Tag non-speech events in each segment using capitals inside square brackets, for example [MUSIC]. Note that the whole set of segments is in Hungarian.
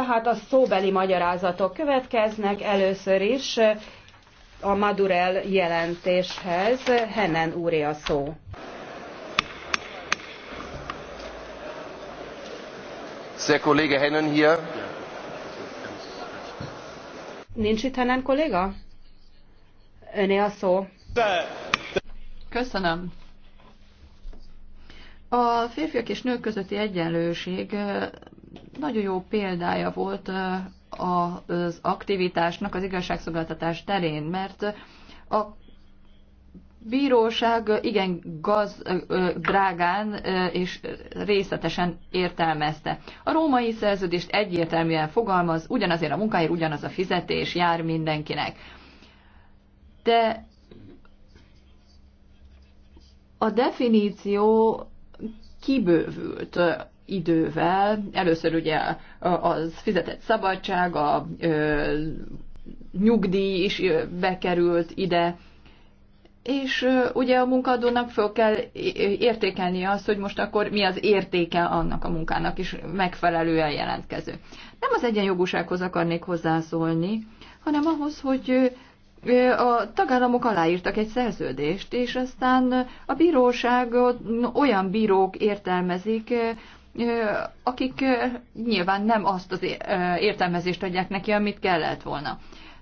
Tehát a szóbeli magyarázatok következnek először is eh, a Madurel jelentéshez. Hennen úré a szó. Szia, Kollege Hennen hier. Nincs itt Hennen kolléga? Öné a szó. Köszönöm. A férfiak és nők közötti egyenlőség eh, nagyon jó példája volt az aktivitásnak az igazságszolgáltatás terén, mert a bíróság igen gaz, drágán és részletesen értelmezte. A római szerződést egyértelműen fogalmaz, ugyanazért a munkáért ugyanaz a fizetés jár mindenkinek. De a definíció kibővült idővel. Először ugye az fizetett szabadság, a nyugdíj is bekerült ide, és ugye a munkadónak föl kell értékelni azt, hogy most akkor mi az értéke annak a munkának, is megfelelően jelentkező. Nem az egyenjogúsághoz akarnék hozzászólni, hanem ahhoz, hogy a tagállamok aláírtak egy szerződést, és aztán a bíróságot olyan bírók értelmezik, akik nyilván nem azt az értelmezést adják neki, amit kellett volna.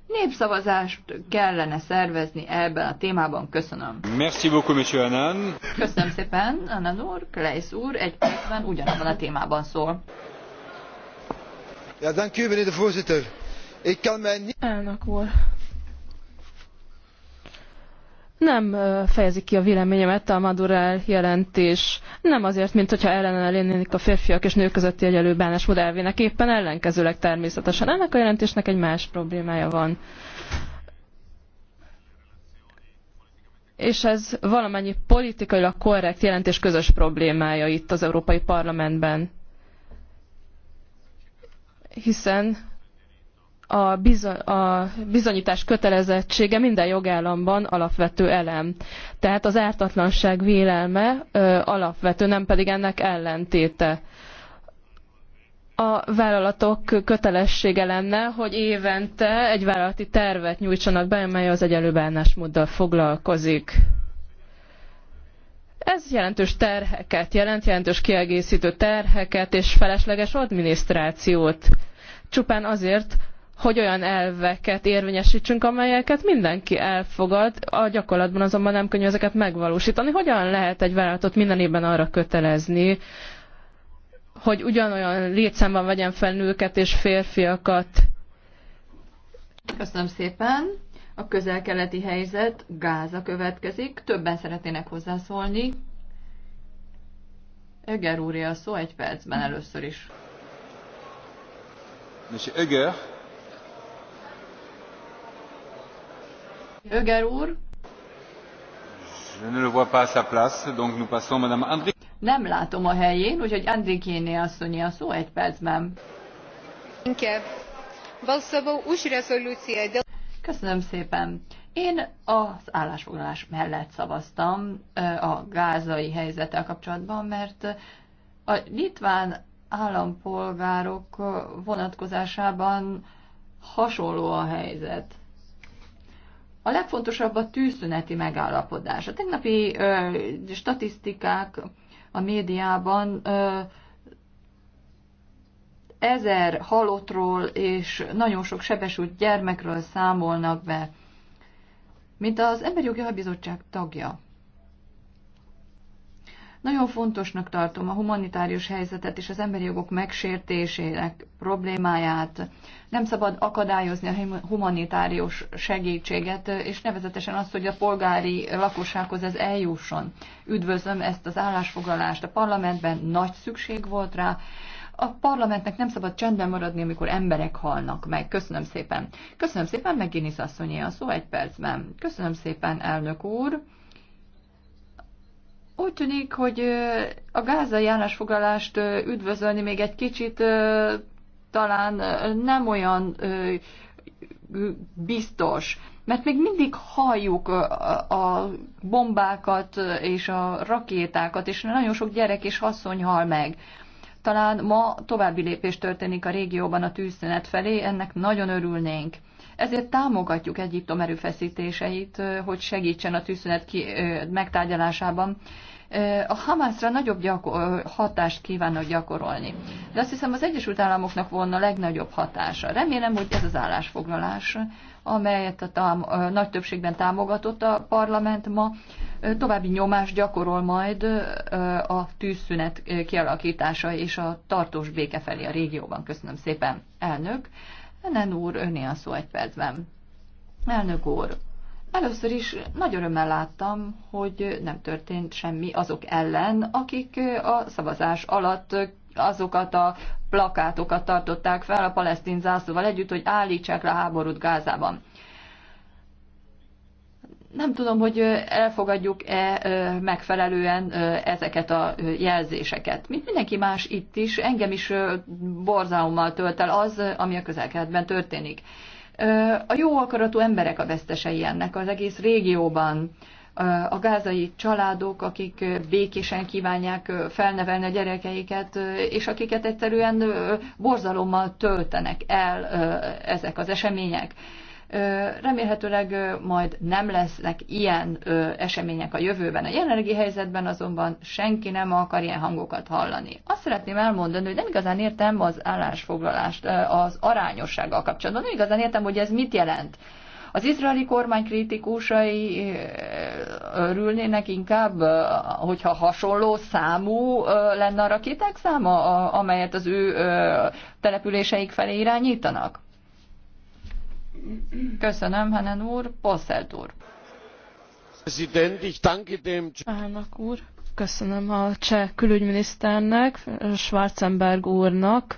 Népszavazást kellene szervezni ebben a témában. Köszönöm. Merci beaucoup, monsieur Anan. Köszönöm szépen, Annan úr, Kleisz úr, egy percben ugyanabban a témában szól. Ja, dank u, meneer de voorzitter. Ik kan mij niet... Elnök úr, nem fejezik ki a véleményemet a Madurell jelentés. Nem azért, mint hogyha ellene lennének a férfiak és nők közötti egyelő bánásmód elvének, éppen ellenkezőleg természetesen. Ennek a jelentésnek egy más problémája van. És ez valamennyi politikailag korrekt jelentés közös problémája itt az Európai Parlamentben. Hiszen a, bizo- a bizonyítás kötelezettsége minden jogállamban alapvető elem. Tehát az ártatlanság vélelme ö, alapvető, nem pedig ennek ellentéte. A vállalatok kötelessége lenne, hogy évente egy vállalati tervet nyújtsanak be, mely az egyenlő bánásmóddal foglalkozik. Ez jelentős terheket jelent, jelentős kiegészítő terheket és felesleges adminisztrációt. Csupán azért, hogy olyan elveket érvényesítsünk, amelyeket mindenki elfogad, a gyakorlatban azonban nem könnyű ezeket megvalósítani. Hogyan lehet egy vállalatot minden évben arra kötelezni, hogy ugyanolyan létszámban vegyen fel nőket és férfiakat? Köszönöm szépen. A közel-keleti helyzet Gáza következik. Többen szeretnének hozzászólni. Öger úr, a szó egy percben először is. Monsieur Eger, Öger úr. Je ne le vois pas à sa place, donc nous passons Madame André. Nem látom a helyén, úgyhogy Andrikéné asszonyi a szó egy percben. Köszönöm szépen. Én az állásfoglalás mellett szavaztam a gázai helyzettel kapcsolatban, mert a litván állampolgárok vonatkozásában hasonló a helyzet. A legfontosabb a tűzszüneti megállapodás. A tegnapi ö, statisztikák a médiában ö, ezer halottról és nagyon sok sebesült gyermekről számolnak be. Mint az Emberi Jogi Bizottság tagja, nagyon fontosnak tartom a humanitárius helyzetet és az emberi jogok megsértésének problémáját. Nem szabad akadályozni a humanitárius segítséget, és nevezetesen azt, hogy a polgári lakossághoz ez eljusson. Üdvözlöm ezt az állásfoglalást a parlamentben, nagy szükség volt rá. A parlamentnek nem szabad csendben maradni, amikor emberek halnak meg. Köszönöm szépen. Köszönöm szépen, meg Guinness asszonyé a szó egy percben. Köszönöm szépen, elnök úr. Úgy tűnik, hogy a gázai állásfoglalást üdvözölni még egy kicsit talán nem olyan biztos, mert még mindig halljuk a bombákat és a rakétákat, és nagyon sok gyerek és asszony hal meg. Talán ma további lépés történik a régióban a tűzszünet felé, ennek nagyon örülnénk. Ezért támogatjuk Egyiptom erőfeszítéseit, hogy segítsen a tűzszünet ki, megtárgyalásában. A Hamászra nagyobb gyakor- hatást kívánnak gyakorolni. De azt hiszem az Egyesült Államoknak volna a legnagyobb hatása. Remélem, hogy ez az állásfoglalás, amelyet a, tám- a nagy többségben támogatott a parlament ma, további nyomást gyakorol majd a tűzszünet kialakítása és a tartós béke felé a régióban. Köszönöm szépen, elnök. Enen úr, öné a szó egy percben. Elnök úr, először is nagy örömmel láttam, hogy nem történt semmi azok ellen, akik a szavazás alatt azokat a plakátokat tartották fel a palesztin zászlóval együtt, hogy állítsák le háborút Gázában nem tudom, hogy elfogadjuk-e megfelelően ezeket a jelzéseket. Mint mindenki más itt is, engem is borzalommal tölt el az, ami a közelkedben történik. A jó akaratú emberek a vesztesei ennek az egész régióban. A gázai családok, akik békésen kívánják felnevelni a gyerekeiket, és akiket egyszerűen borzalommal töltenek el ezek az események Remélhetőleg majd nem lesznek ilyen események a jövőben. A jelenlegi helyzetben azonban senki nem akar ilyen hangokat hallani. Azt szeretném elmondani, hogy nem igazán értem az állásfoglalást az arányossággal kapcsolatban. Nem igazán értem, hogy ez mit jelent. Az izraeli kormány kritikusai örülnének inkább, hogyha hasonló számú lenne a rakéták száma, amelyet az ő településeik felé irányítanak? Köszönöm, Hanen úr. Posselt úr. Elnök úr, köszönöm a cseh külügyminiszternek, Schwarzenberg úrnak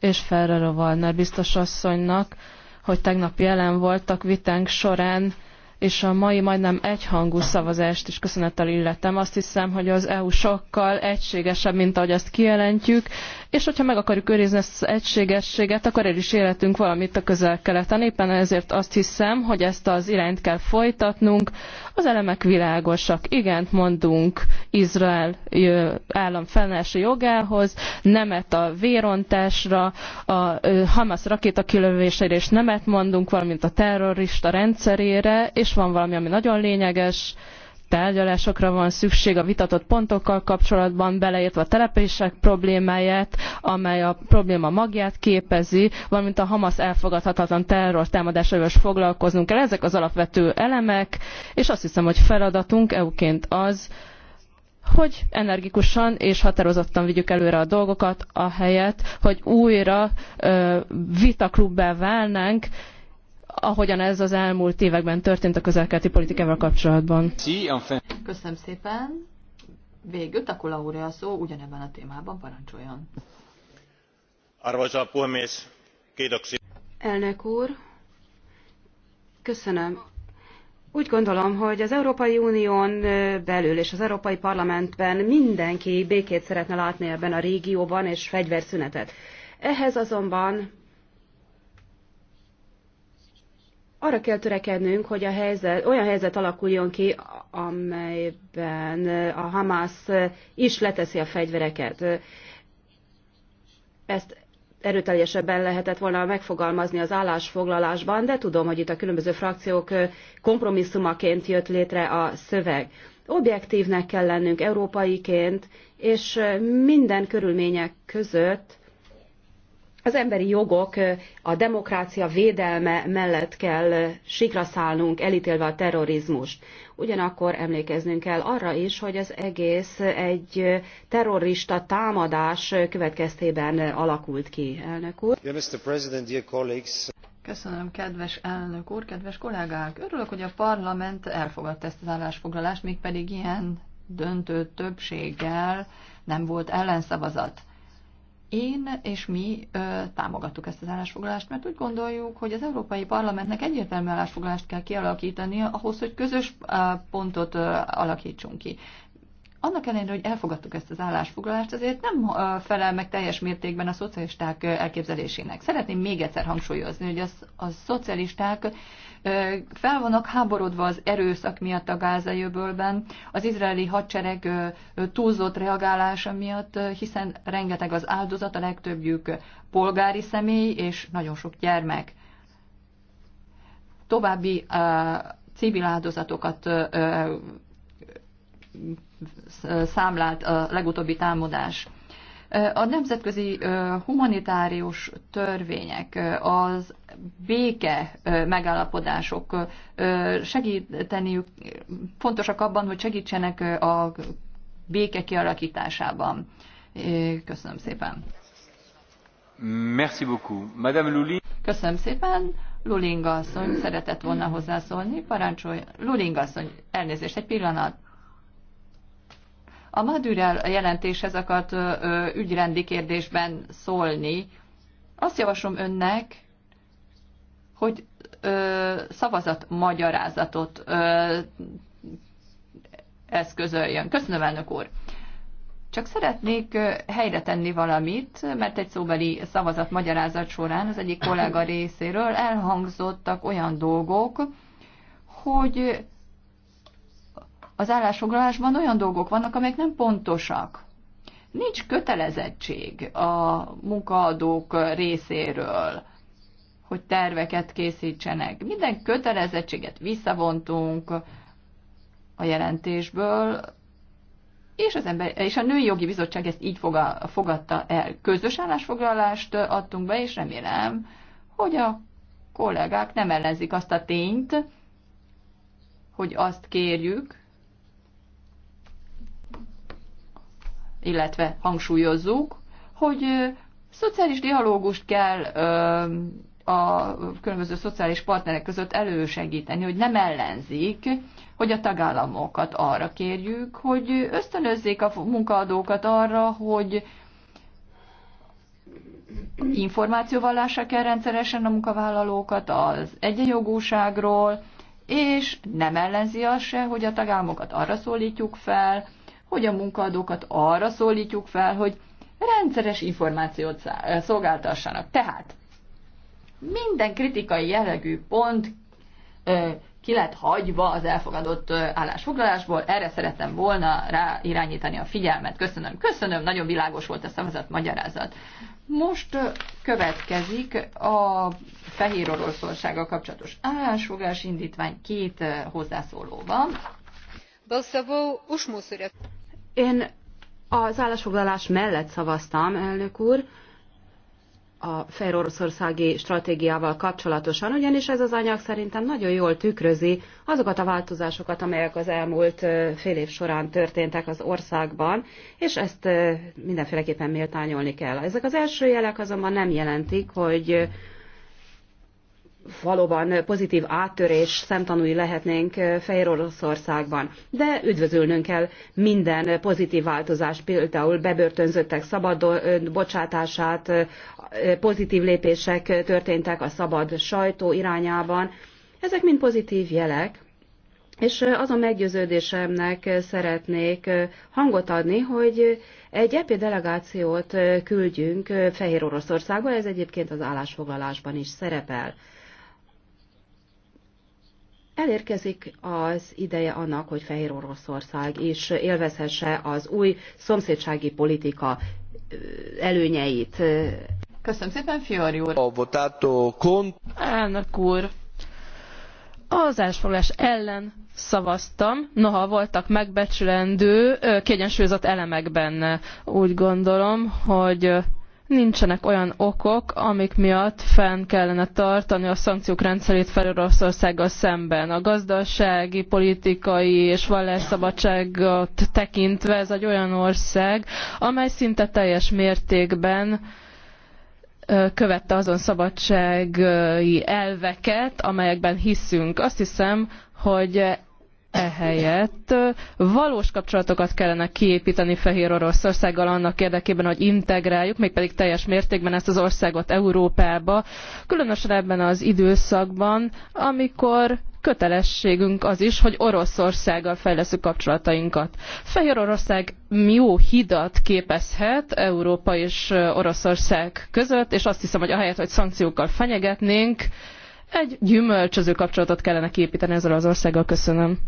és Ferrero Wallner biztos asszonynak, hogy tegnap jelen voltak vitánk során, és a mai majdnem egyhangú szavazást is köszönettel illetem. Azt hiszem, hogy az EU sokkal egységesebb, mint ahogy azt kijelentjük, és hogyha meg akarjuk őrizni ezt az egységességet, akkor el is életünk valamit a közel-keleten. Éppen ezért azt hiszem, hogy ezt az irányt kell folytatnunk. Az elemek világosak. Igent mondunk Izrael állam felnállási jogához, nemet a vérontásra, a Hamas kilövésére és nemet mondunk, valamint a terrorista rendszerére, és van valami, ami nagyon lényeges, tárgyalásokra van szükség a vitatott pontokkal kapcsolatban, beleértve a települések problémáját, amely a probléma magját képezi, valamint a Hamas elfogadhatatlan terror támadásaival is foglalkoznunk kell. Ezek az alapvető elemek, és azt hiszem, hogy feladatunk EU-ként az, hogy energikusan és határozottan vigyük előre a dolgokat, ahelyett, hogy újra ö, vitaklubbá válnánk, ahogyan ez az elmúlt években történt a közelkelti politikával kapcsolatban. Köszönöm szépen. Végül Takula úr a szó ugyanebben a témában parancsoljon. Arvoisa puhemies, kiitoksia. Elnök úr, köszönöm. Úgy gondolom, hogy az Európai Unión belül és az Európai Parlamentben mindenki békét szeretne látni ebben a régióban és fegyverszünetet. Ehhez azonban arra kell törekednünk, hogy a helyzet, olyan helyzet alakuljon ki, amelyben a Hamas is leteszi a fegyvereket. Ezt erőteljesebben lehetett volna megfogalmazni az állásfoglalásban, de tudom, hogy itt a különböző frakciók kompromisszumaként jött létre a szöveg. Objektívnek kell lennünk európaiként, és minden körülmények között az emberi jogok, a demokrácia védelme mellett kell sikraszálnunk, elítélve a terrorizmust. Ugyanakkor emlékeznünk kell arra is, hogy az egész egy terrorista támadás következtében alakult ki, elnök úr. Yeah, Mr. President, dear colleagues. Köszönöm, kedves elnök úr, kedves kollégák! Örülök, hogy a parlament elfogadta ezt az állásfoglalást, mégpedig ilyen döntő többséggel nem volt ellenszavazat. Én és mi ö, támogattuk ezt az állásfoglalást, mert úgy gondoljuk, hogy az Európai Parlamentnek egyértelmű állásfoglalást kell kialakítani ahhoz, hogy közös ö, pontot ö, alakítsunk ki annak ellenére, hogy elfogadtuk ezt az állásfoglalást, azért nem felel meg teljes mértékben a szocialisták elképzelésének. Szeretném még egyszer hangsúlyozni, hogy az, a szocialisták fel vannak háborodva az erőszak miatt a gázajövőbölben, az izraeli hadsereg túlzott reagálása miatt, hiszen rengeteg az áldozat, a legtöbbjük polgári személy és nagyon sok gyermek. További civil áldozatokat számlált a legutóbbi támadás. A nemzetközi humanitárius törvények, az béke megállapodások segíteniük, fontosak abban, hogy segítsenek a béke kialakításában. Köszönöm szépen. Merci beaucoup. Madame Luli. Köszönöm szépen. Lulinga asszony szeretett volna hozzászólni. Parancsolj. Lulinga asszony, elnézést, egy pillanat. A Madurel jelentéshez akart ügyrendi kérdésben szólni. Azt javaslom önnek, hogy ö, szavazat magyarázatot ö, eszközöljön. Köszönöm, elnök úr! Csak szeretnék helyre tenni valamit, mert egy szóbeli szavazat magyarázat során az egyik kollega [COUGHS] részéről elhangzottak olyan dolgok, hogy az állásfoglalásban olyan dolgok vannak, amelyek nem pontosak. Nincs kötelezettség a munkaadók részéről, hogy terveket készítsenek. Minden kötelezettséget visszavontunk a jelentésből, és, az ember, és a Női Jogi Bizottság ezt így fogadta el. Közös állásfoglalást adtunk be, és remélem, hogy a kollégák nem ellenzik azt a tényt, hogy azt kérjük, illetve hangsúlyozzuk, hogy szociális dialógust kell a különböző szociális partnerek között elősegíteni, hogy nem ellenzik, hogy a tagállamokat arra kérjük, hogy ösztönözzék a munkaadókat arra, hogy információval lássák el rendszeresen a munkavállalókat az egyenjogúságról, és nem ellenzi az se, hogy a tagállamokat arra szólítjuk fel, hogy a munkaadókat arra szólítjuk fel, hogy rendszeres információt szolgáltassanak. Tehát minden kritikai jellegű pont ki lett hagyva az elfogadott állásfoglalásból. Erre szerettem volna rá irányítani a figyelmet. Köszönöm, köszönöm, nagyon világos volt a szavazat magyarázat. Most következik a Fehér Oroszországgal kapcsolatos állásfoglalás indítvány két hozzászóló van. Én az állásfoglalás mellett szavaztam, elnök úr, a Fejr Oroszországi stratégiával kapcsolatosan, ugyanis ez az anyag szerintem nagyon jól tükrözi azokat a változásokat, amelyek az elmúlt fél év során történtek az országban, és ezt mindenféleképpen méltányolni kell. Ezek az első jelek azonban nem jelentik, hogy valóban pozitív áttörés szemtanúi lehetnénk eh, Fehér Oroszországban. De üdvözölnünk kell minden pozitív változás, például bebörtönzöttek szabad eh, bocsátását, eh, pozitív lépések történtek a szabad sajtó irányában. Ezek mind pozitív jelek, és azon meggyőződésemnek szeretnék hangot adni, hogy egy EP delegációt küldjünk Fehér Oroszországba, ez egyébként az állásfoglalásban is szerepel. Elérkezik az ideje annak, hogy Fehér Oroszország is élvezhesse az új szomszédsági politika előnyeit. Köszönöm szépen, Fiori úr! A votato kont... Elnök úr! Az állásfoglalás ellen szavaztam, noha voltak megbecsülendő, kiegyensúlyozott elemek benne. Úgy gondolom, hogy nincsenek olyan okok, amik miatt fenn kellene tartani a szankciók rendszerét fel Oroszországgal szemben. A gazdasági, politikai és vallásszabadságot tekintve ez egy olyan ország, amely szinte teljes mértékben követte azon szabadsági elveket, amelyekben hiszünk. Azt hiszem, hogy ehelyett valós kapcsolatokat kellene kiépíteni Fehér Oroszországgal annak érdekében, hogy integráljuk, mégpedig teljes mértékben ezt az országot Európába, különösen ebben az időszakban, amikor kötelességünk az is, hogy Oroszországgal fejleszünk kapcsolatainkat. Fehér Oroszország jó hidat képezhet Európa és Oroszország között, és azt hiszem, hogy ahelyett, hogy szankciókkal fenyegetnénk, egy gyümölcsöző kapcsolatot kellene képíteni ezzel az országgal. Köszönöm.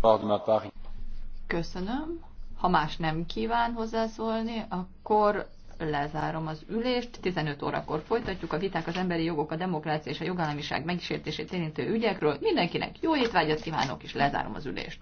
Köszönöm. Ha más nem kíván hozzászólni, akkor lezárom az ülést. 15 órakor folytatjuk a viták az emberi jogok, a demokrácia és a jogállamiság megsértését érintő ügyekről. Mindenkinek jó étvágyat kívánok, és lezárom az ülést.